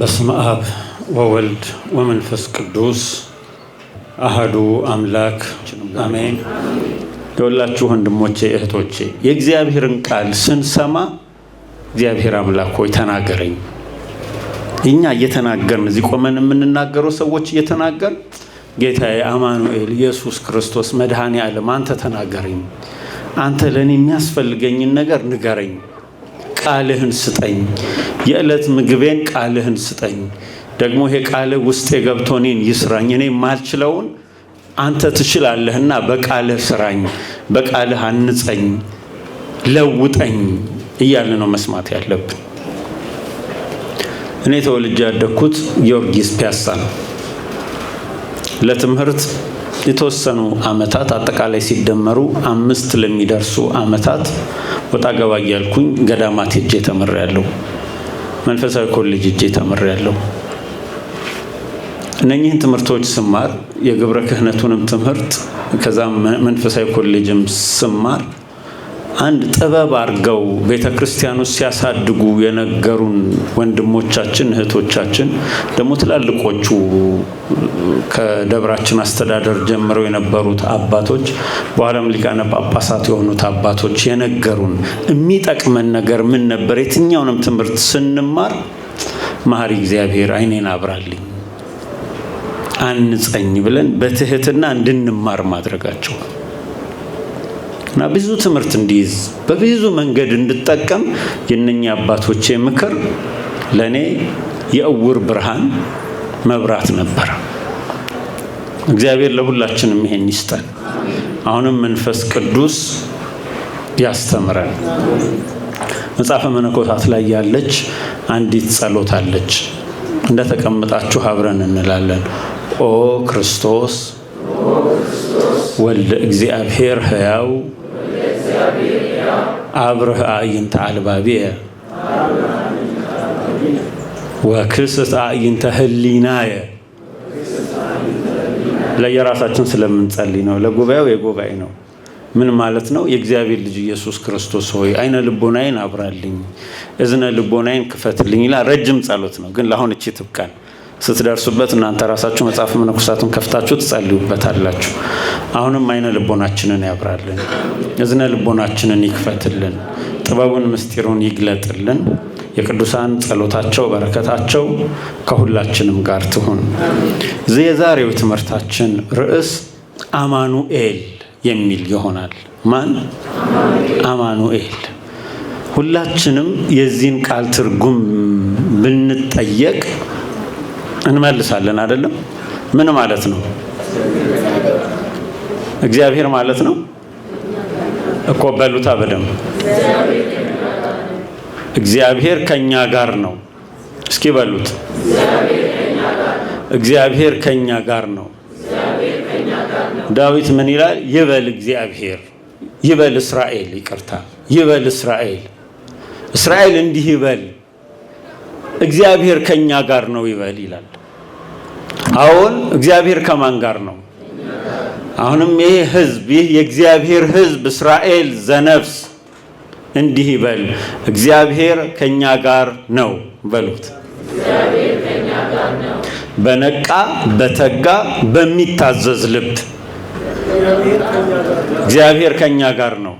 በስመ አብ ወወልድ ወመንፈስ ቅዱስ አህዱ አምላክ አሜን። የወላችሁ ወንድሞቼ እህቶቼ፣ የእግዚአብሔርን ቃል ስንሰማ እግዚአብሔር አምላክ ሆይ ተናገረኝ። እኛ እየተናገርን እዚህ ቆመን የምንናገረው ሰዎች እየተናገር ጌታዬ አማኑኤል ኢየሱስ ክርስቶስ መድኃኔ ዓለም አንተ ተናገረኝ፣ አንተ ለእኔ የሚያስፈልገኝን ነገር ንገረኝ ቃልህን ስጠኝ፣ የዕለት ምግቤን ቃልህን ስጠኝ። ደግሞ ይሄ ቃልህ ውስጤ ገብቶ እኔን ይስራኝ። እኔ ማልችለውን አንተ ትችላለህና በቃልህ ስራኝ፣ በቃልህ አንጸኝ፣ ለውጠኝ እያለ ነው መስማት ያለብን። እኔ ተወልጄ ያደግኩት ጊዮርጊስ ፒያሳ ነው። ለትምህርት የተወሰኑ ዓመታት አጠቃላይ ሲደመሩ አምስት ለሚደርሱ ዓመታት ወጣ ገባ እያልኩኝ ገዳማት ሄጄ ተምሬያለሁ። መንፈሳዊ ኮሌጅ ሄጄ ተምሬያለሁ። እነኚህን ትምህርቶች ስማር የግብረ ክህነቱንም ትምህርት ከዛም መንፈሳዊ ኮሌጅም ስማር አንድ ጥበብ አድርገው ቤተ ክርስቲያን ውስጥ ሲያሳድጉ የነገሩን ወንድሞቻችን እህቶቻችን፣ ደግሞ ትላልቆቹ ከደብራችን አስተዳደር ጀምረው የነበሩት አባቶች፣ በኋላም ሊቃነ ጳጳሳት የሆኑት አባቶች የነገሩን የሚጠቅመን ነገር ምን ነበር? የትኛውንም ትምህርት ስንማር መሐሪ እግዚአብሔር ዓይኔን አብራልኝ አንጸኝ ብለን በትህትና እንድንማር ማድረጋቸው እና ብዙ ትምህርት እንዲይዝ በብዙ መንገድ እንድጠቀም የነኛ አባቶቼ ምክር ለእኔ የእውር ብርሃን መብራት ነበር። እግዚአብሔር ለሁላችንም ይሄን ይስጠን። አሁንም መንፈስ ቅዱስ ያስተምረን። መጽሐፈ መነኮሳት ላይ ያለች አንዲት ጸሎት አለች። ተቀምጣችሁ አብረን እንላለን። ኦ ክርስቶስ ወልደ እግዚአብሔር ሕያው አብርህ አእይንተ አልባቢየ ወክስት አእይንተ ህሊናየ። ለየራሳችን ስለምንጸልይ ነው። ለጉባኤው የጉባኤ ነው። ምን ማለት ነው? የእግዚአብሔር ልጅ ኢየሱስ ክርስቶስ ሆይ አይነ ልቦናዬን አብራልኝ፣ እዝነ ልቦናዬን ክፈትልኝ ይላል። ረጅም ጸሎት ነው፣ ግን ለአሁን እቺ ትብቃን። ስትደርሱበት እናንተ ራሳችሁ መጽሐፍ መነኮሳቱን ከፍታችሁ ትጸልዩበታላችሁ። አሁንም አይነ ልቦናችንን ያብራልን፣ እዝነ ልቦናችንን ይክፈትልን፣ ጥበቡን ምስጢሩን ይግለጥልን። የቅዱሳን ጸሎታቸው በረከታቸው ከሁላችንም ጋር ትሁን። የዛሬው ትምህርታችን ርዕስ አማኑኤል የሚል ይሆናል። ማን አማኑኤል? ሁላችንም የዚህን ቃል ትርጉም ብንጠየቅ እንመልሳለን አይደለም? ምን ማለት ነው? እግዚአብሔር ማለት ነው እኮ በሉታ። በደንብ እግዚአብሔር ከኛ ጋር ነው። እስኪ በሉት። እግዚአብሔር ከኛ ጋር ነው። ዳዊት ምን ይላል? ይበል እግዚአብሔር ይበል እስራኤል፣ ይቅርታ ይበል እስራኤል፣ እስራኤል እንዲህ ይበል እግዚአብሔር ከኛ ጋር ነው ይበል ይላል። አሁን እግዚአብሔር ከማን ጋር ነው? አሁንም ይሄ ህዝብ ይህ የእግዚአብሔር ህዝብ እስራኤል ዘነፍስ እንዲህ ይበል፣ እግዚአብሔር ከኛ ጋር ነው በሉት። በነቃ በተጋ በሚታዘዝ ልብ እግዚአብሔር ከኛ ጋር ነው።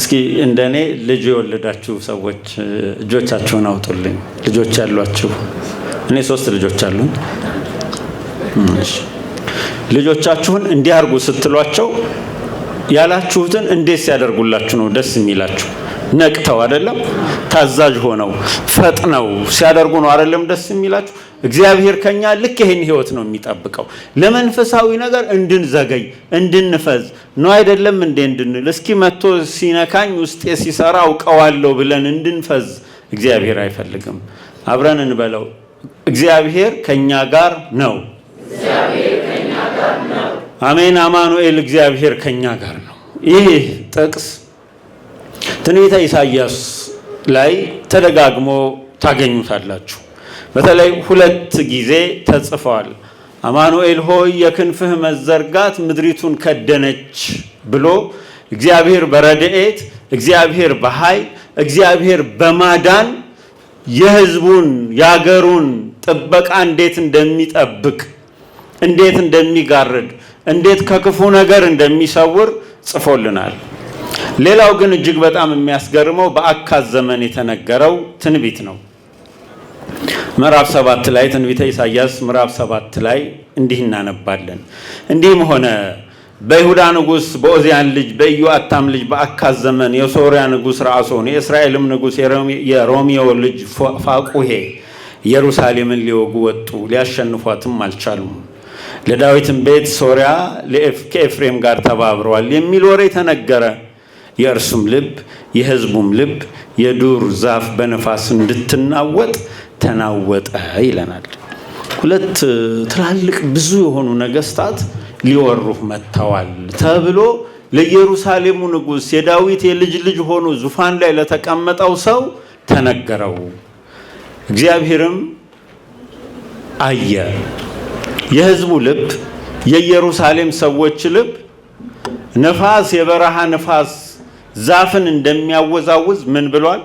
እስኪ እንደ እኔ ልጅ የወለዳችሁ ሰዎች እጆቻችሁን አውጡልኝ። ልጆች ያሏችሁ፣ እኔ ሶስት ልጆች አሉኝ። ልጆቻችሁን እንዲያርጉ ስትሏቸው ያላችሁትን እንዴት ሲያደርጉላችሁ ነው ደስ የሚላችሁ? ነቅተው አይደለም፣ ታዛዥ ሆነው ፈጥነው ሲያደርጉ ነው አይደለም ደስ የሚላችሁ? እግዚአብሔር ከኛ ልክ ይሄን ህይወት ነው የሚጠብቀው። ለመንፈሳዊ ነገር እንድንዘገይ እንድንፈዝ ነው አይደለም እንዴ እንድንል እስኪ መጥቶ ሲነካኝ ውስጤ ሲሰራ አውቀዋለሁ ብለን እንድንፈዝ እግዚአብሔር አይፈልግም። አብረን እንበለው፣ እግዚአብሔር ከኛ ጋር ነው። አሜን። አማኑኤል እግዚአብሔር ከኛ ጋር ነው። ይህ ጥቅስ ትንቢተ ኢሳይያስ ላይ ተደጋግሞ ታገኙታላችሁ። በተለይ ሁለት ጊዜ ተጽፏል። አማኑኤል ሆይ የክንፍህ መዘርጋት ምድሪቱን ከደነች ብሎ እግዚአብሔር በረድኤት እግዚአብሔር በኃይል እግዚአብሔር በማዳን የሕዝቡን የአገሩን ጥበቃ እንዴት እንደሚጠብቅ እንዴት እንደሚጋርድ እንዴት ከክፉ ነገር እንደሚሰውር ጽፎልናል። ሌላው ግን እጅግ በጣም የሚያስገርመው በአካዝ ዘመን የተነገረው ትንቢት ነው። ምዕራፍ ሰባት ላይ ትንቢተ ኢሳያስ ምዕራፍ ሰባት ላይ እንዲህ እናነባለን። እንዲህም ሆነ በይሁዳ ንጉሥ በኦዚያን ልጅ በኢዮአታም ልጅ በአካዝ ዘመን የሶርያ ንጉሥ ረአሶን የእስራኤልም ንጉሥ የሮሚዮ ልጅ ፋቁሄ ኢየሩሳሌምን ሊወጉ ወጡ፣ ሊያሸንፏትም አልቻሉም። ለዳዊትም ቤት ሶርያ ከኤፍሬም ጋር ተባብረዋል የሚል ወሬ ተነገረ። የእርሱም ልብ የሕዝቡም ልብ የዱር ዛፍ በነፋስ እንድትናወጥ ተናወጠ ይለናል። ሁለት ትላልቅ ብዙ የሆኑ ነገስታት ሊወሩህ መጥተዋል ተብሎ ለኢየሩሳሌሙ ንጉሥ የዳዊት የልጅ ልጅ ሆኖ ዙፋን ላይ ለተቀመጠው ሰው ተነገረው። እግዚአብሔርም አየ። የህዝቡ ልብ፣ የኢየሩሳሌም ሰዎች ልብ ነፋስ፣ የበረሃ ነፋስ ዛፍን እንደሚያወዛውዝ ምን ብሏል?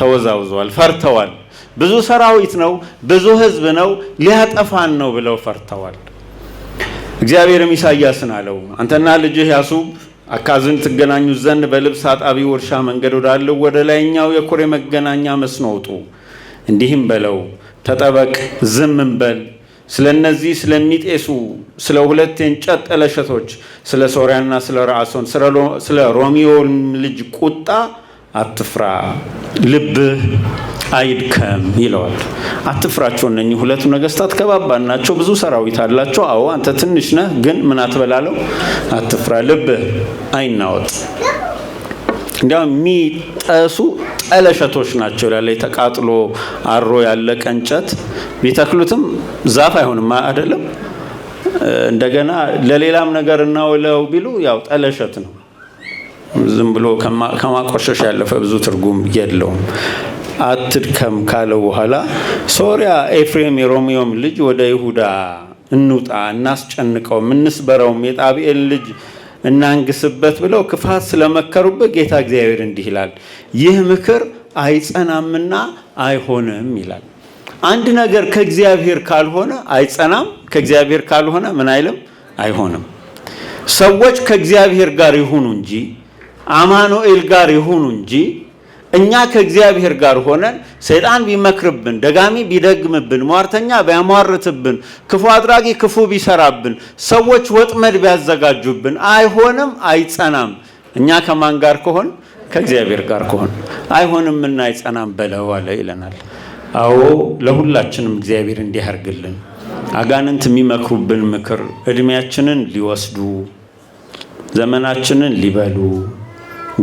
ተወዛውዘዋል፣ ፈርተዋል። ብዙ ሰራዊት ነው፣ ብዙ ህዝብ ነው፣ ሊያጠፋን ነው ብለው ፈርተዋል። እግዚአብሔርም ኢሳያስን አለው አንተና ልጅህ ያሱብ አካዝን ትገናኙ ዘንድ በልብስ አጣቢ እርሻ መንገድ ወዳለው ወደ ላይኛው የኮሬ መገናኛ መስኖ ውጡ። እንዲህም በለው ተጠበቅ፣ ዝምም በል ስለ እነዚህ ስለሚጤሱ ስለ ሁለት የእንጨት ጠለሸቶች ስለ ሶርያና ስለ ረአሶን ስለ ሮሚዮን ልጅ ቁጣ አትፍራ ልብህ አይድከም ይለዋል። አትፍራቸው፣ እነኚህ ሁለቱ ነገስታት ከባባድ ናቸው፣ ብዙ ሰራዊት አላቸው። አዎ አንተ ትንሽ ነህ፣ ግን ምን አትበላለው፣ አትፍራ፣ ልብ አይናወጥ። እንዲያውም የሚጠሱ ጠለሸቶች ናቸው ይላል። የተቃጥሎ አሮ ያለቀ እንጨት ቢተክሉትም ዛፍ አይሆንም አይደለም። እንደገና ለሌላም ነገር እናውለው ቢሉ ያው ጠለሸት ነው። ዝም ብሎ ከማቆሸሽ ያለፈ ብዙ ትርጉም የለውም። አትድከም ካለው በኋላ ሶሪያ ኤፍሬም የሮሚዮም ልጅ ወደ ይሁዳ እንውጣ፣ እናስጨንቀውም፣ እንስበረውም፣ የጣብኤል ልጅ እናንግስበት ብለው ክፋት ስለመከሩበት ጌታ እግዚአብሔር እንዲህ ይላል፣ ይህ ምክር አይጸናምና አይሆንም ይላል። አንድ ነገር ከእግዚአብሔር ካልሆነ አይጸናም። ከእግዚአብሔር ካልሆነ ምን አይልም? አይሆንም። ሰዎች ከእግዚአብሔር ጋር ይሁኑ እንጂ አማኑኤል ጋር ይሁኑ እንጂ እኛ ከእግዚአብሔር ጋር ሆነን ሰይጣን ቢመክርብን፣ ደጋሚ ቢደግምብን፣ ሟርተኛ ቢያሟርትብን፣ ክፉ አድራጊ ክፉ ቢሰራብን፣ ሰዎች ወጥመድ ቢያዘጋጁብን አይሆንም፣ አይጸናም። እኛ ከማን ጋር ከሆን? ከእግዚአብሔር ጋር ከሆን እና አይጸናም በለው አለ ይለናል። አዎ ለሁላችንም እግዚአብሔር እንዲህ ያርግልን። አጋንንት የሚመክሩብን ምክር እድሜያችንን ሊወስዱ ዘመናችንን ሊበሉ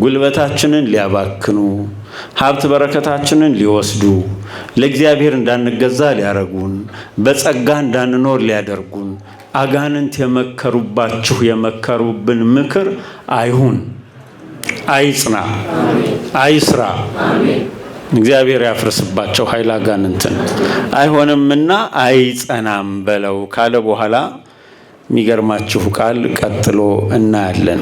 ጉልበታችንን ሊያባክኑ፣ ሀብት በረከታችንን ሊወስዱ፣ ለእግዚአብሔር እንዳንገዛ ሊያረጉን፣ በጸጋ እንዳንኖር ሊያደርጉን አጋንንት የመከሩባችሁ የመከሩብን ምክር አይሁን፣ አይጽና፣ አይስራ። እግዚአብሔር ያፍርስባቸው ኃይል አጋንንትን አይሆንምና አይጸናም በለው ካለ በኋላ የሚገርማችሁ ቃል ቀጥሎ እናያለን።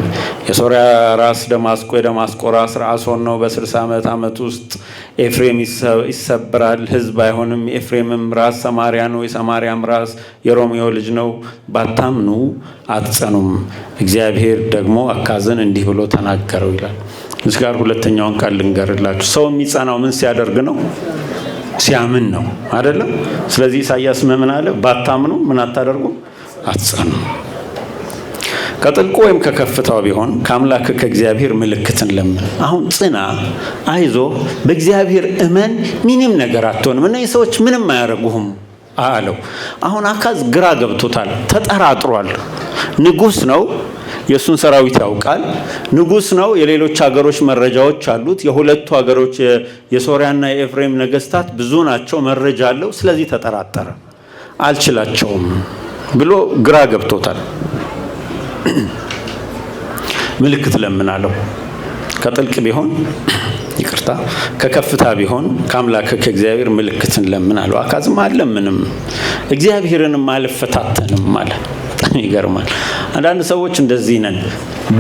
የሶሪያ ራስ ደማስቆ፣ የደማስቆ ራስ ረአሶን ነው። በ60 ዓመት ዓመት ውስጥ ኤፍሬም ይሰብራል፣ ህዝብ አይሆንም። የኤፍሬምም ራስ ሰማሪያ ነው፣ የሰማሪያም ራስ የሮሚዮ ልጅ ነው። ባታምኑ አትጸኑም። እግዚአብሔር ደግሞ አካዝን እንዲህ ብሎ ተናገረው ይላል። እዚህ ጋር ሁለተኛውን ቃል ልንገርላችሁ። ሰው የሚጸናው ምን ሲያደርግ ነው? ሲያምን ነው አይደለም። ስለዚህ ኢሳያስ ምን አለ? ባታምኑ ምን አታደርጉም አትጽኑ። ከጥልቁ ወይም ከከፍታው ቢሆን ከአምላክ ከእግዚአብሔር ምልክትን ለምን። አሁን ጽና፣ አይዞ፣ በእግዚአብሔር እመን፣ ምንም ነገር አትሆንም፣ እነዚህ ሰዎች ምንም አያደርጉህም አለው። አሁን አካዝ ግራ ገብቶታል፣ ተጠራጥሯል። ንጉስ ነው፣ የእሱን ሰራዊት ያውቃል። ንጉስ ነው፣ የሌሎች ሀገሮች መረጃዎች አሉት። የሁለቱ ሀገሮች የሶሪያና የኤፍሬም ነገስታት ብዙ ናቸው፣ መረጃ አለው። ስለዚህ ተጠራጠረ፣ አልችላቸውም ብሎ ግራ ገብቶታል። ምልክት ለምናለው ከጥልቅ ቢሆን ይቅርታ ከከፍታ ቢሆን ከአምላክ ከእግዚአብሔር ምልክትን ለምን አለው። አካዝም አለምንም እግዚአብሔርንም አልፈታተንም አለ። በጣም ይገርማል። አንዳንድ ሰዎች እንደዚህ ነን።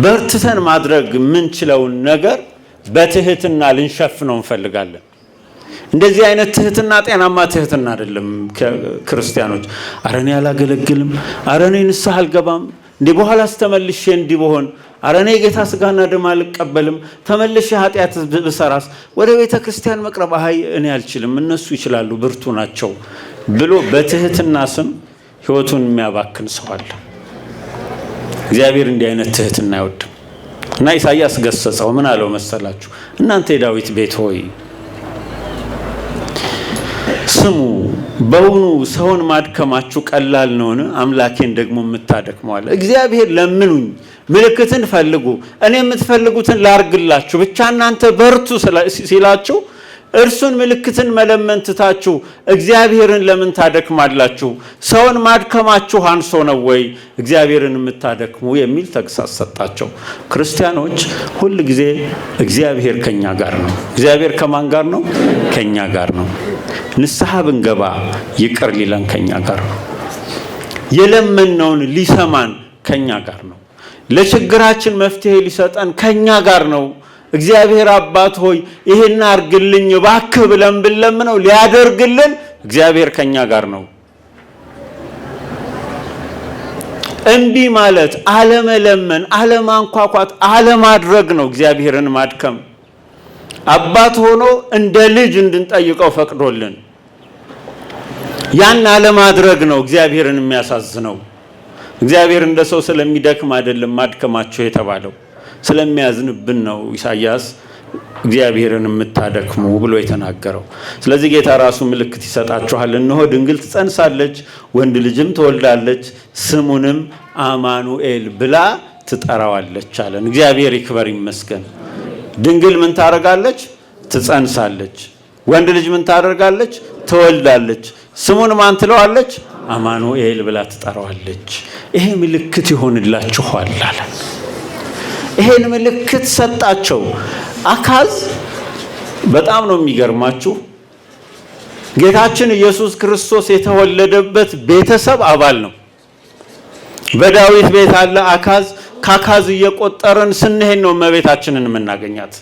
በርትተን ማድረግ የምንችለውን ነገር በትህትና ልንሸፍነው እንፈልጋለን። እንደዚህ አይነት ትህትና ጤናማ ትህትና አይደለም። ክርስቲያኖች አረኔ አላገለግልም፣ አረኔ ንስሐ አልገባም፣ እንዲህ በኋላስ ተመልሼ እንዲህ በሆን፣ አረኔ የጌታ ስጋና ደም አልቀበልም፣ ተመልሼ ኃጢአት ብሰራስ፣ ወደ ቤተ ክርስቲያን መቅረብ አይ እኔ አልችልም፣ እነሱ ይችላሉ፣ ብርቱ ናቸው ብሎ በትህትና ስም ህይወቱን የሚያባክን ሰው አለ። እግዚአብሔር እንዲህ አይነት ትህትና አይወድም እና ኢሳያስ ገሰጸው። ምን አለው መሰላችሁ? እናንተ የዳዊት ቤት ሆይ ስሙ በውኑ ሰውን ማድከማችሁ ቀላል ነውን? አምላኬን ደግሞ የምታደክመዋለ። እግዚአብሔር ለምኑኝ፣ ምልክትን ፈልጉ፣ እኔ የምትፈልጉትን ላርግላችሁ፣ ብቻ እናንተ በርቱ ሲላቸው እርሱን ምልክትን መለመን ትታችሁ እግዚአብሔርን ለምን ታደክማላችሁ? ሰውን ማድከማችሁ አንሶ ነው ወይ እግዚአብሔርን የምታደክሙ? የሚል ተግሳጽ ሰጣቸው። ክርስቲያኖች ሁል ጊዜ እግዚአብሔር ከኛ ጋር ነው። እግዚአብሔር ከማን ጋር ነው? ከኛ ጋር ነው። ንስሐ ብንገባ ይቅር ሊለን ከኛ ጋር ነው። የለመንነውን ሊሰማን ከኛ ጋር ነው። ለችግራችን መፍትሄ ሊሰጠን ከኛ ጋር ነው። እግዚአብሔር አባት ሆይ ይሄን አርግልኝ እባክህ ብለን ብንለምነው ሊያደርግልን እግዚአብሔር ከኛ ጋር ነው። እምቢ ማለት አለመለመን፣ አለማንኳኳት፣ አለማድረግ ነው እግዚአብሔርን ማድከም። አባት ሆኖ እንደ ልጅ እንድንጠይቀው ፈቅዶልን ያን አለማድረግ ነው እግዚአብሔርን የሚያሳዝነው። እግዚአብሔር እንደ ሰው ስለሚደክም አይደለም ማድከማቸው የተባለው። ስለሚያዝንብን ነው ኢሳያስ እግዚአብሔርን የምታደክሙ ብሎ የተናገረው። ስለዚህ ጌታ ራሱ ምልክት ይሰጣችኋል፣ እነሆ ድንግል ትጸንሳለች፣ ወንድ ልጅም ትወልዳለች፣ ስሙንም አማኑኤል ብላ ትጠራዋለች አለን። እግዚአብሔር ይክበር ይመስገን። ድንግል ምን ታደርጋለች? ትጸንሳለች። ወንድ ልጅ ምን ታደርጋለች? ትወልዳለች። ስሙን ማን ትለዋለች? አማኑኤል ብላ ትጠራዋለች። ይሄ ምልክት ይሆንላችኋል አለን። ይሄን ምልክት ሰጣቸው። አካዝ በጣም ነው የሚገርማችሁ። ጌታችን ኢየሱስ ክርስቶስ የተወለደበት ቤተሰብ አባል ነው። በዳዊት ቤት አለ አካዝ። ከአካዝ እየቆጠርን ስንሄድ ነው እመቤታችንን የምናገኛት።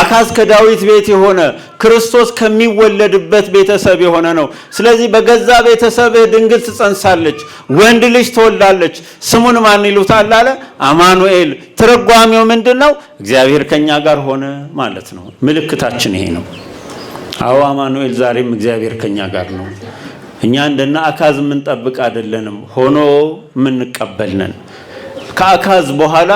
አካዝ ከዳዊት ቤት የሆነ ክርስቶስ ከሚወለድበት ቤተሰብ የሆነ ነው። ስለዚህ በገዛ ቤተሰብህ ድንግል ትጸንሳለች፣ ወንድ ልጅ ትወልዳለች። ስሙን ማን ይሉታል አለ? አማኑኤል። ትርጓሜው ምንድን ነው? እግዚአብሔር ከኛ ጋር ሆነ ማለት ነው። ምልክታችን ይሄ ነው። አዎ አማኑኤል ዛሬም እግዚአብሔር ከኛ ጋር ነው። እኛ እንደና አካዝ የምንጠብቅ አይደለንም፣ ሆኖ የምንቀበልነን ከአካዝ በኋላ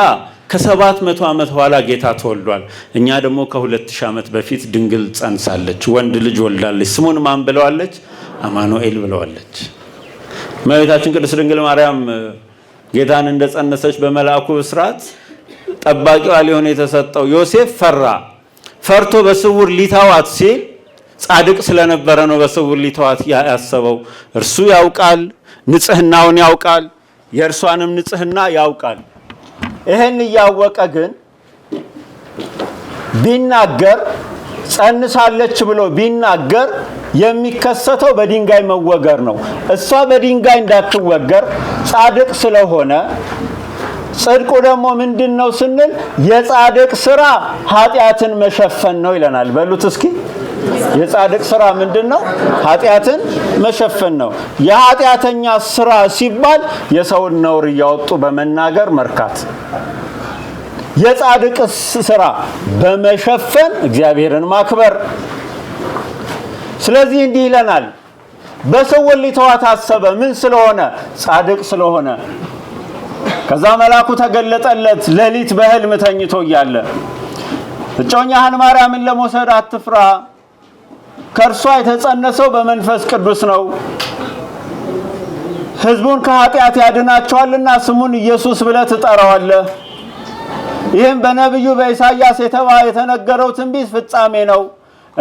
ከሰባት መቶ ዓመት በኋላ ጌታ ተወልዷል። እኛ ደግሞ ከሁለት ሺህ ዓመት በፊት ድንግል ጸንሳለች፣ ወንድ ልጅ ወልዳለች። ስሙን ማን ብለዋለች? አማኑኤል ብለዋለች። እመቤታችን ቅድስት ድንግል ማርያም ጌታን ጸነሰች በመልአኩ ብስራት ጠባቂዋ ሊሆን የተሰጠው ዮሴፍ ፈራ። ፈርቶ በስውር ሊተዋት ሲል ጻድቅ ስለነበረ ነው በስውር ሊተዋት ያሰበው። እርሱ ያውቃል፣ ንጽህናውን ያውቃል፣ የእርሷንም ንጽህና ያውቃል። ይህን እያወቀ ግን ቢናገር ጸንሳለች ብሎ ቢናገር የሚከሰተው በድንጋይ መወገር ነው። እሷ በድንጋይ እንዳትወገር ጻድቅ ስለሆነ ጽድቁ ደግሞ ምንድን ነው ስንል የጻድቅ ስራ ኃጢአትን መሸፈን ነው ይለናል። በሉት እስኪ የጻድቅ ስራ ምንድን ነው? ኃጢአትን መሸፈን ነው። የኃጢአተኛ ስራ ሲባል የሰውን ነውር እያወጡ በመናገር መርካት የጻድቅ ስራ በመሸፈን እግዚአብሔርን ማክበር። ስለዚህ እንዲህ ይለናል፣ በሰው ሊተዋ ታሰበ። ምን ስለሆነ? ጻድቅ ስለሆነ። ከዛ መልአኩ ተገለጠለት፣ ሌሊት በህልም ተኝቶ እያለ እጮኛህን ማርያምን ለመውሰድ አትፍራ ከእርሷ የተጸነሰው በመንፈስ ቅዱስ ነው። ሕዝቡን ከኃጢአት ያድናቸዋልና ስሙን ኢየሱስ ብለህ ትጠራዋለህ። ይህም በነቢዩ በኢሳይያስ የተነገረው ትንቢት ፍጻሜ ነው።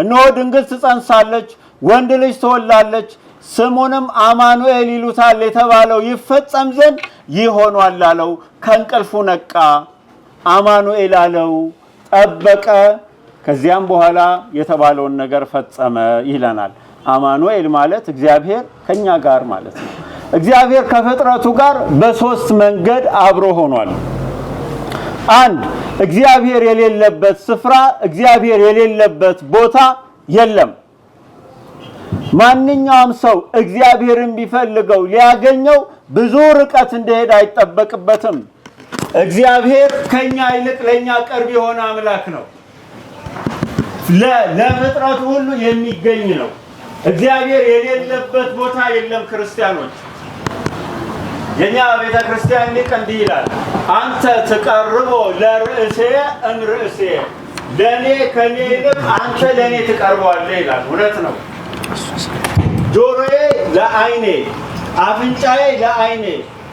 እነሆ ድንግል ትጸንሳለች፣ ወንድ ልጅ ትወላለች፣ ስሙንም አማኑኤል ይሉታል የተባለው ይፈጸም ዘንድ ይህ ሆኗል አለው። ከእንቅልፉ ነቃ፣ አማኑኤል አለው፣ ጠበቀ ከዚያም በኋላ የተባለውን ነገር ፈጸመ ይለናል። አማኑኤል ማለት እግዚአብሔር ከኛ ጋር ማለት ነው። እግዚአብሔር ከፍጥረቱ ጋር በሶስት መንገድ አብሮ ሆኗል። አንድ እግዚአብሔር የሌለበት ስፍራ፣ እግዚአብሔር የሌለበት ቦታ የለም። ማንኛውም ሰው እግዚአብሔርን ቢፈልገው ሊያገኘው ብዙ ርቀት እንደሄድ አይጠበቅበትም። እግዚአብሔር ከኛ ይልቅ ለኛ ቅርብ የሆነ አምላክ ነው። ለፍጥረቱ ሁሉ የሚገኝ ነው። እግዚአብሔር የሌለበት ቦታ የለም። ክርስቲያኖች የኛ ቤተ ክርስቲያን ሊቅ እንዲህ ይላል፣ አንተ ትቀርቦ ለርእሴ እንርእሴ፣ ለእኔ ከኔ ይልቅ አንተ ለእኔ ትቀርበዋለህ ይላል። እውነት ነው። ጆሮዬ ለአይኔ አፍንጫዬ ለአይኔ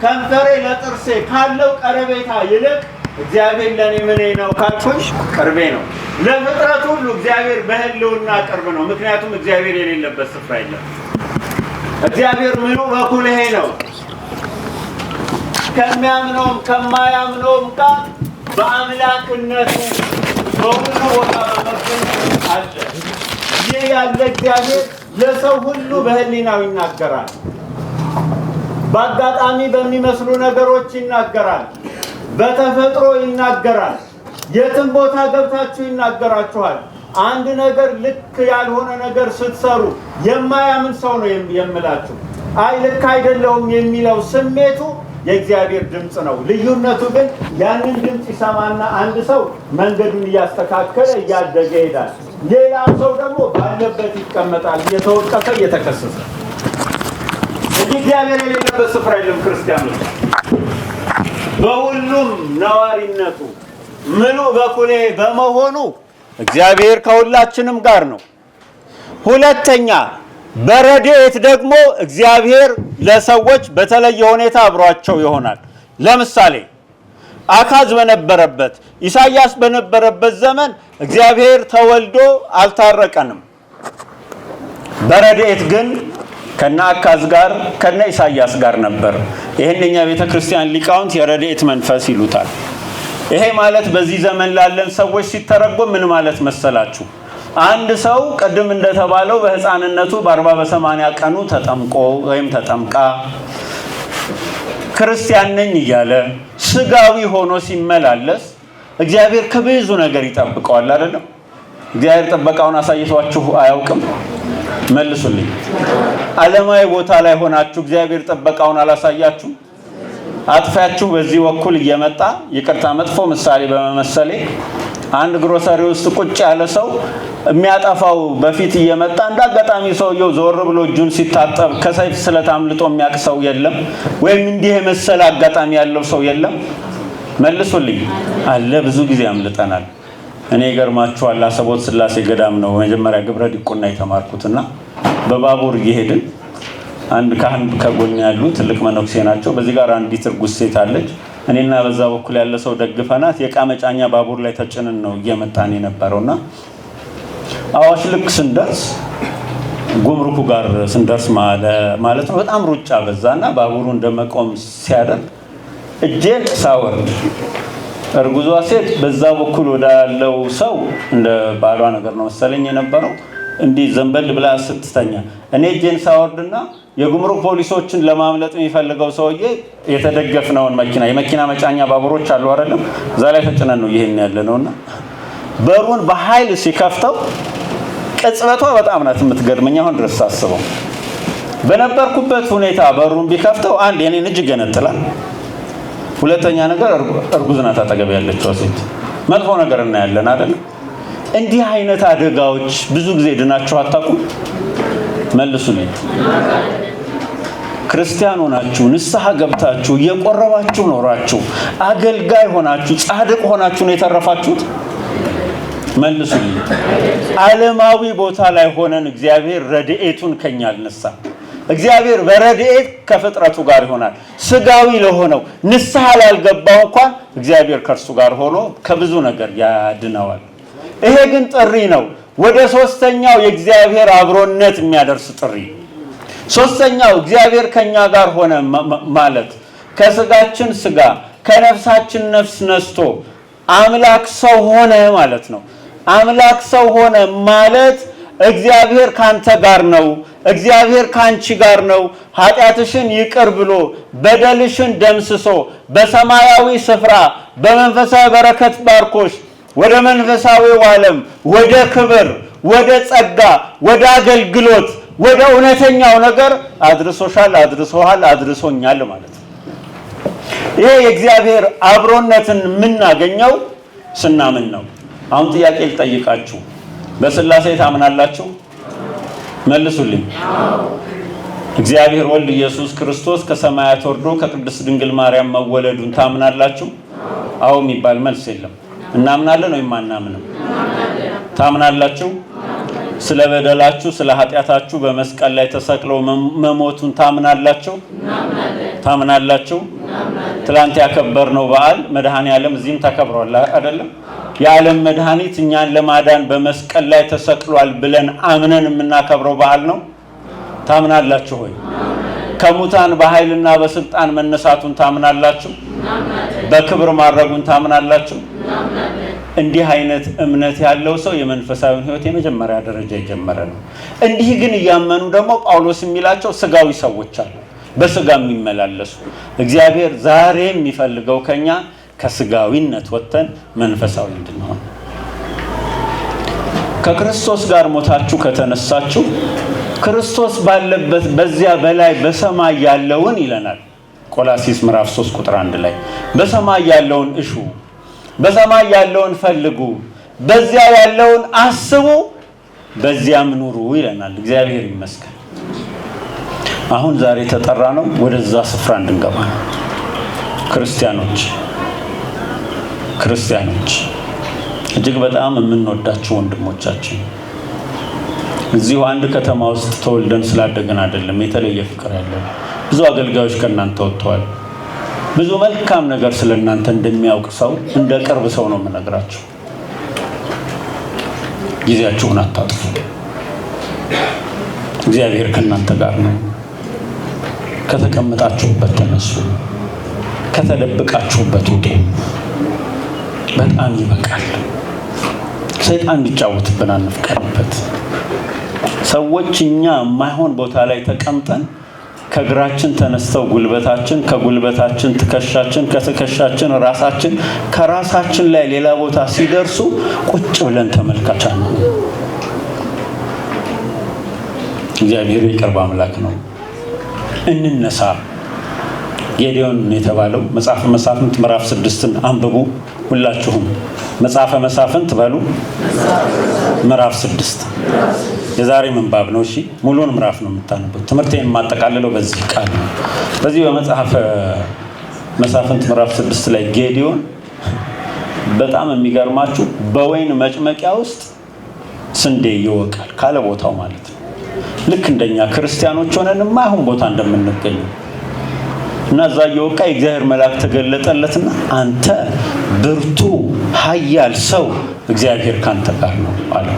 ከንፈሬ ለጥርሴ ካለው ቀረቤታ ይልቅ እግዚአብሔር ለእኔ ምኔ ነው ካልኩኝ ቅርቤ ነው። ለፍጥረት ሁሉ እግዚአብሔር በህልውና ቅርብ ነው። ምክንያቱም እግዚአብሔር የሌለበት ስፍራ የለም። እግዚአብሔር ምኑ ሄ ነው። ከሚያምነውም ከማያምነውም ጋር በአምላክነቱ በሁሉ ቦታ በመገኝ አለ። ይህ ያለ እግዚአብሔር ለሰው ሁሉ በህሊናው ይናገራል። በአጋጣሚ በሚመስሉ ነገሮች ይናገራል። በተፈጥሮ ይናገራል። የትም ቦታ ገብታችሁ ይናገራችኋል። አንድ ነገር ልክ ያልሆነ ነገር ስትሰሩ የማያምን ሰው ነው የምላችሁ። አይ ልክ አይደለሁም የሚለው ስሜቱ የእግዚአብሔር ድምፅ ነው። ልዩነቱ ግን ያንን ድምፅ ይሰማና አንድ ሰው መንገዱን እያስተካከለ እያደገ ይሄዳል። ሌላ ሰው ደግሞ ባለበት ይቀመጣል፣ እየተወቀሰ እየተከሰሰ። እግዚአብሔር የሌለበት ስፍራ የለም። ክርስቲያኖች በሁሉም ነዋሪነቱ ምኑ በኩሌ በመሆኑ እግዚአብሔር ከሁላችንም ጋር ነው። ሁለተኛ በረድኤት ደግሞ እግዚአብሔር ለሰዎች በተለየ ሁኔታ አብሯቸው ይሆናል። ለምሳሌ አካዝ በነበረበት ኢሳያስ በነበረበት ዘመን እግዚአብሔር ተወልዶ አልታረቀንም። በረድኤት ግን ከነ አካዝ ጋር ከነ ኢሳያስ ጋር ነበር። ይህን የኛ ቤተ ክርስቲያን ሊቃውንት የረድኤት መንፈስ ይሉታል። ይሄ ማለት በዚህ ዘመን ላለን ሰዎች ሲተረጎም ምን ማለት መሰላችሁ? አንድ ሰው ቅድም እንደተባለው በህፃንነቱ በአርባ በሰማንያ ቀኑ ተጠምቆ ወይም ተጠምቃ ክርስቲያን ነኝ እያለ ስጋዊ ሆኖ ሲመላለስ እግዚአብሔር ከብዙ ነገር ይጠብቀዋል። አይደለም? እግዚአብሔር ጥበቃውን አሳይቷችሁ አያውቅም? መልሱልኝ። ዓለማዊ ቦታ ላይ ሆናችሁ እግዚአብሔር ጥበቃውን አላሳያችሁ? አጥፊያችሁ በዚህ በኩል እየመጣ ይቅርታ፣ መጥፎ ምሳሌ በመመሰሌ አንድ ግሮሰሪ ውስጥ ቁጭ ያለ ሰው የሚያጠፋው በፊት እየመጣ እንደ አጋጣሚ ሰውየው ዞር ብሎ እጁን ሲታጠብ ከሰይፍ ስለት አምልጦ የሚያውቅ ሰው የለም ወይም እንዲህ የመሰለ አጋጣሚ ያለው ሰው የለም? መልሱልኝ። አለ። ብዙ ጊዜ አምልጠናል። እኔ ይገርማችኋል፣ አሰቦት ስላሴ ገዳም ነው መጀመሪያ ግብረ ዲቁና የተማርኩትና በባቡር እየሄድን አንድ ካህን ከጎን ያሉ ትልቅ መነኩሴ ናቸው። በዚህ ጋር አንዲት እርጉዝ ሴት አለች። እኔና በዛ በኩል ያለ ሰው ደግፈናት የእቃ መጫኛ ባቡር ላይ ተጭንን ነው እየመጣን የነበረው እና አዋሽ ልክ ስንደርስ ጉምሩኩ ጋር ስንደርስ ማለት ነው በጣም ሩጫ በዛ እና ባቡሩ እንደመቆም ሲያደርግ እጄን ሳወርድ እርጉዟ ሴት በዛ በኩል ወዳለው ሰው እንደ ባሏ ነገር ነው መሰለኝ የነበረው እንዲህ ዘንበል ብላ ስትተኛ እኔ እጄን ሳወርድና የጉምሩክ ፖሊሶችን ለማምለጥ የሚፈልገው ሰውዬ የተደገፍነውን መኪና የመኪና መጫኛ ባቡሮች አሉ አይደለም፣ እዛ ላይ ተጭነን ነው ይሄን ያለ ነውና በሩን በኃይል ሲከፍተው ቅጽበቷ በጣም ናት የምትገርመኝ። አሁን ድረስ ሳስበው በነበርኩበት ሁኔታ በሩን ቢከፍተው አንድ የኔን እጅ ገነጥላል። ሁለተኛ ነገር እርጉዝ ናት አጠገብ ያለችው ሴት። መጥፎ ነገር እናያለን አይደለም። እንዲህ አይነት አደጋዎች ብዙ ጊዜ ድናችሁ አታውቁም? መልሱልኝ። ክርስቲያን ሆናችሁ ንስሐ ገብታችሁ እየቆረባችሁ ኖራችሁ አገልጋይ ሆናችሁ ጻድቅ ሆናችሁ ነው የተረፋችሁት? መልሱልኝ። ዓለማዊ ቦታ ላይ ሆነን እግዚአብሔር ረድኤቱን ከኛ አልነሳ። እግዚአብሔር በረድኤት ከፍጥረቱ ጋር ይሆናል። ስጋዊ ለሆነው ንስሐ ላልገባው እንኳን እግዚአብሔር ከእርሱ ጋር ሆኖ ከብዙ ነገር ያድነዋል። ይሄ ግን ጥሪ ነው፣ ወደ ሶስተኛው የእግዚአብሔር አብሮነት የሚያደርስ ጥሪ ሶስተኛው እግዚአብሔር ከኛ ጋር ሆነ ማለት ከስጋችን ስጋ ከነፍሳችን ነፍስ ነስቶ አምላክ ሰው ሆነ ማለት ነው። አምላክ ሰው ሆነ ማለት እግዚአብሔር ካንተ ጋር ነው፣ እግዚአብሔር ካንቺ ጋር ነው። ኃጢአትሽን ይቅር ብሎ በደልሽን ደምስሶ በሰማያዊ ስፍራ በመንፈሳዊ በረከት ባርኮሽ ወደ መንፈሳዊው ዓለም ወደ ክብር፣ ወደ ጸጋ፣ ወደ አገልግሎት ወደ እውነተኛው ነገር አድርሶሻል፣ አድርሶሃል፣ አድርሶኛል ማለት ነው። ይሄ የእግዚአብሔር አብሮነትን የምናገኘው ስናምን ነው። አሁን ጥያቄ ልጠይቃችሁ፣ በስላሴ ታምናላችሁ? መልሱልኝ። እግዚአብሔር ወልድ ኢየሱስ ክርስቶስ ከሰማያት ወርዶ ከቅድስት ድንግል ማርያም መወለዱን ታምናላችሁ? አዎ የሚባል መልስ የለም። እናምናለን ወይም አናምንም? ታምናላችሁ? ስለ በደላችሁ ስለ ኃጢአታችሁ በመስቀል ላይ ተሰቅለው መሞቱን ታምናላችሁ ታምናላችሁ። ትላንት ያከበርነው በዓል መድኃኔ ዓለም እዚህም ተከብሯል አይደለም? የዓለም መድኃኒት እኛን ለማዳን በመስቀል ላይ ተሰቅሏል ብለን አምነን የምናከብረው በዓል ነው። ታምናላችሁ ሆይ ከሙታን በኃይልና በስልጣን መነሳቱን ታምናላችሁ። በክብር ማድረጉን ታምናላችሁ። እንዲህ አይነት እምነት ያለው ሰው የመንፈሳዊን ህይወት የመጀመሪያ ደረጃ የጀመረ ነው። እንዲህ ግን እያመኑ ደግሞ ጳውሎስ የሚላቸው ስጋዊ ሰዎች አሉ፣ በስጋ የሚመላለሱ። እግዚአብሔር ዛሬ የሚፈልገው ከኛ ከስጋዊነት ወጥተን መንፈሳዊ እንድንሆን። ከክርስቶስ ጋር ሞታችሁ ከተነሳችሁ ክርስቶስ ባለበት በዚያ በላይ በሰማይ ያለውን ይለናል ቆላሲስ ምዕራፍ 3 ቁጥር 1 ላይ በሰማይ ያለውን እሹ በሰማይ ያለውን ፈልጉ፣ በዚያ ያለውን አስቡ፣ በዚያም ኑሩ ይለናል። እግዚአብሔር ይመስገን። አሁን ዛሬ የተጠራ ነው ወደዛ ስፍራ እንድንገባ ነው። ክርስቲያኖች ክርስቲያኖች እጅግ በጣም የምንወዳቸው ወንድሞቻችን እዚሁ አንድ ከተማ ውስጥ ተወልደን ስላደገን አይደለም የተለየ ፍቅር ያለው ብዙ አገልጋዮች ከእናንተ ወጥተዋል። ብዙ መልካም ነገር ስለ እናንተ እንደሚያውቅ ሰው እንደ ቅርብ ሰው ነው የምነግራችሁ። ጊዜያችሁን አታጥፉ። እግዚአብሔር ከእናንተ ጋር ነው። ከተቀመጣችሁበት ተነሱ፣ ከተደብቃችሁበት ውጡ። በጣም ይበቃል። ሰይጣን እንዲጫወትብን አንፍቀድበት። ሰዎች እኛ የማይሆን ቦታ ላይ ተቀምጠን ከእግራችን ተነስተው ጉልበታችን፣ ከጉልበታችን ትከሻችን፣ ከትከሻችን ራሳችን፣ ከራሳችን ላይ ሌላ ቦታ ሲደርሱ ቁጭ ብለን ተመልካች እግዚአብሔር የቅርብ አምላክ ነው። እንነሳ። ጌዲዮን የተባለው መጽሐፈ መሳፍንት ምዕራፍ ስድስትን አንብቡ ሁላችሁም። መጽሐፈ መሳፍንት በሉ ምዕራፍ ስድስት የዛሬ ምንባብ ነው። እሺ ሙሉን ምዕራፍ ነው የምታነበው። ትምህርት የማጠቃልለው በዚህ ቃል ነው። በዚህ በመጽሐፈ መሳፍንት ምዕራፍ ስድስት ላይ ጌዲዮን በጣም የሚገርማችሁ በወይን መጭመቂያ ውስጥ ስንዴ ይወቃል ካለ ቦታው ማለት ነው። ልክ እንደኛ ክርስቲያኖች ሆነንማ አሁን ቦታ እንደምንገኝ እና እዛ እየወቃ የእግዚአብሔር መልአክ ተገለጠለትና አንተ ብርቱ ኃያል ሰው እግዚአብሔር ካንተ ጋር ነው አለ።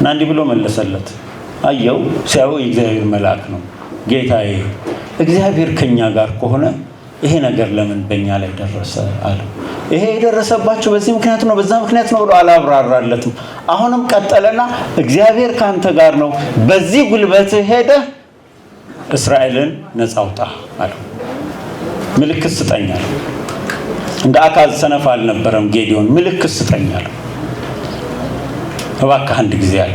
እና እንዲህ ብሎ መለሰለት። አየው ሲያየው የእግዚአብሔር መልአክ ነው። ጌታዬ እግዚአብሔር ከኛ ጋር ከሆነ ይሄ ነገር ለምን በእኛ ላይ ደረሰ አለ። ይሄ የደረሰባቸው በዚህ ምክንያት ነው፣ በዛ ምክንያት ነው ብሎ አላብራራለትም። አሁንም ቀጠለና እግዚአብሔር ከአንተ ጋር ነው፣ በዚህ ጉልበት ሄደ እስራኤልን ነፃ አውጣ ምልክት ስጠኛል። እንደ አካዝ ሰነፍ አልነበረም ጌዲዮን፣ ምልክት ስጠኛል። እባክህ አንድ ጊዜ አለ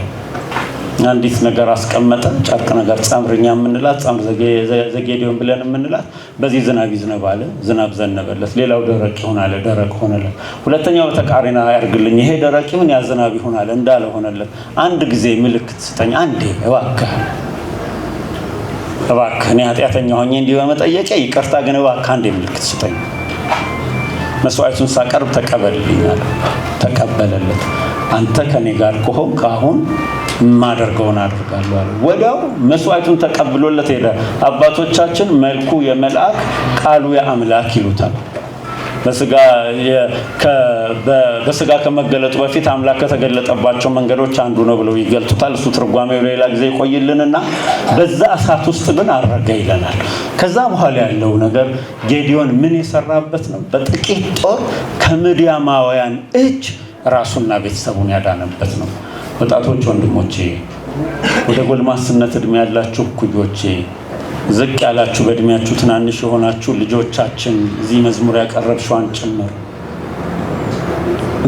አንዲት ነገር አስቀመጠ፣ ጨርቅ ነገር ጸምርኛ የምንላት ጸምር ዘጌዲዮን ብለን የምንላት በዚህ ዝናብ ይዝነብ አለ። ዝናብ ዘነበለት። ሌላው ደረቅ ይሁን አለ፣ ደረቅ ሆነለት። ሁለተኛው በተቃሪና ያርግልኝ፣ ይሄ ደረቅ ይሁን ያ ዝናብ ይሁን አለ፣ እንዳለ ሆነለት። አንድ ጊዜ ምልክት ስጠኝ፣ አንዴ እባክህ እባክህ፣ እኔ ኃጢአተኛ ሆኜ እንዲህ በመጠየቄ ይቅርታ፣ ግን እባክህ አንዴ ምልክት ስጠኝ፣ መስዋዕቱን ሳቀርብ ተቀበልልኝ አለ። ተቀበለለት። አንተ ከኔ ጋር ከሆንክ አሁን የማደርገውን አድርጋለሁ አለ። ወዲያው መስዋዕቱን ተቀብሎለት ሄደ። አባቶቻችን መልኩ የመልአክ ቃሉ የአምላክ ይሉታል። በስጋ ከመገለጡ በፊት አምላክ ከተገለጠባቸው መንገዶች አንዱ ነው ብለው ይገልጡታል። እሱ ትርጓሜው ሌላ ጊዜ ይቆይልንና በዛ እሳት ውስጥ ግን አረገ ይለናል። ከዛ በኋላ ያለው ነገር ጌዲዮን ምን የሰራበት ነው? በጥቂት ጦር ከምድያማውያን እጅ ራሱና ቤተሰቡን ያዳነበት ነው። ወጣቶች ወንድሞቼ፣ ወደ ጎልማስነት እድሜ ያላችሁ እኩዮቼ፣ ዝቅ ያላችሁ በእድሜያችሁ ትናንሽ የሆናችሁ ልጆቻችን፣ እዚህ መዝሙር ያቀረብሽዋን ጭምር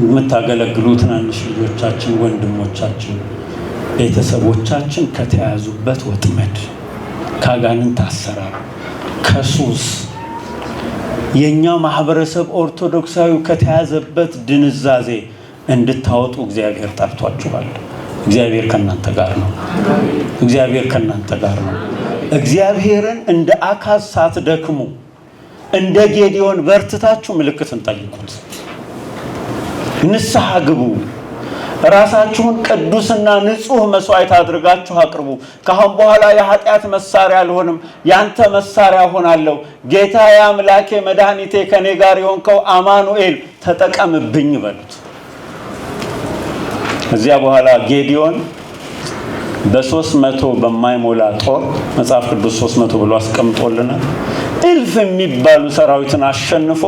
የምታገለግሉ ትናንሽ ልጆቻችን፣ ወንድሞቻችን፣ ቤተሰቦቻችን ከተያያዙበት ወጥመድ፣ ከአጋንንት አሰራር፣ ከሱስ የእኛ ማህበረሰብ ኦርቶዶክሳዊ ከተያዘበት ድንዛዜ እንድታወጡ እግዚአብሔር ጠርቷችኋል። እግዚአብሔር ከእናንተ ጋር ነው። እግዚአብሔር ከእናንተ ጋር ነው። እግዚአብሔርን እንደ አካዝ ሳትደክሙ እንደ ጌዲዮን በርትታችሁ ምልክትን ጠይቁት። ንስሐ ግቡ። ራሳችሁን ቅዱስና ንጹህ መስዋዕት አድርጋችሁ አቅርቡ። ከአሁን በኋላ የኃጢአት መሳሪያ አልሆንም፣ ያንተ መሳሪያ ሆናለሁ። ጌታ አምላኬ፣ መድኃኒቴ ከኔ ጋር የሆንከው አማኑኤል ተጠቀምብኝ በሉት። እዚያ በኋላ ጌዲዮን በሶስት መቶ በማይሞላ ጦር መጽሐፍ ቅዱስ ሶስት መቶ ብሎ አስቀምጦልናል እልፍ የሚባሉ ሰራዊትን አሸንፎ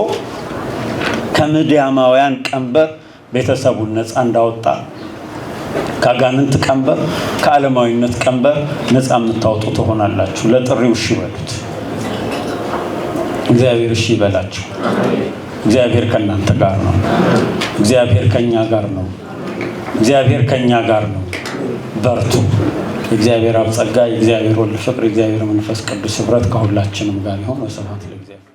ከምድያማውያን ቀንበር ቤተሰቡን ነፃ እንዳወጣ ከአጋንንት ቀንበር ከዓለማዊነት ቀንበር ነፃ የምታወጡ ትሆናላችሁ። ለጥሪው እሺ ይበሉት። እግዚአብሔር እሺ ይበላችሁ። እግዚአብሔር ከእናንተ ጋር ነው። እግዚአብሔር ከእኛ ጋር ነው። እግዚአብሔር ከኛ ጋር ነው። በርቱ። የእግዚአብሔር አብ ጸጋ፣ የእግዚአብሔር ወልድ ፍቅር፣ የእግዚአብሔር መንፈስ ቅዱስ ህብረት ከሁላችንም ጋር ይሆን። ወስብሐት ለእግዚአብሔር።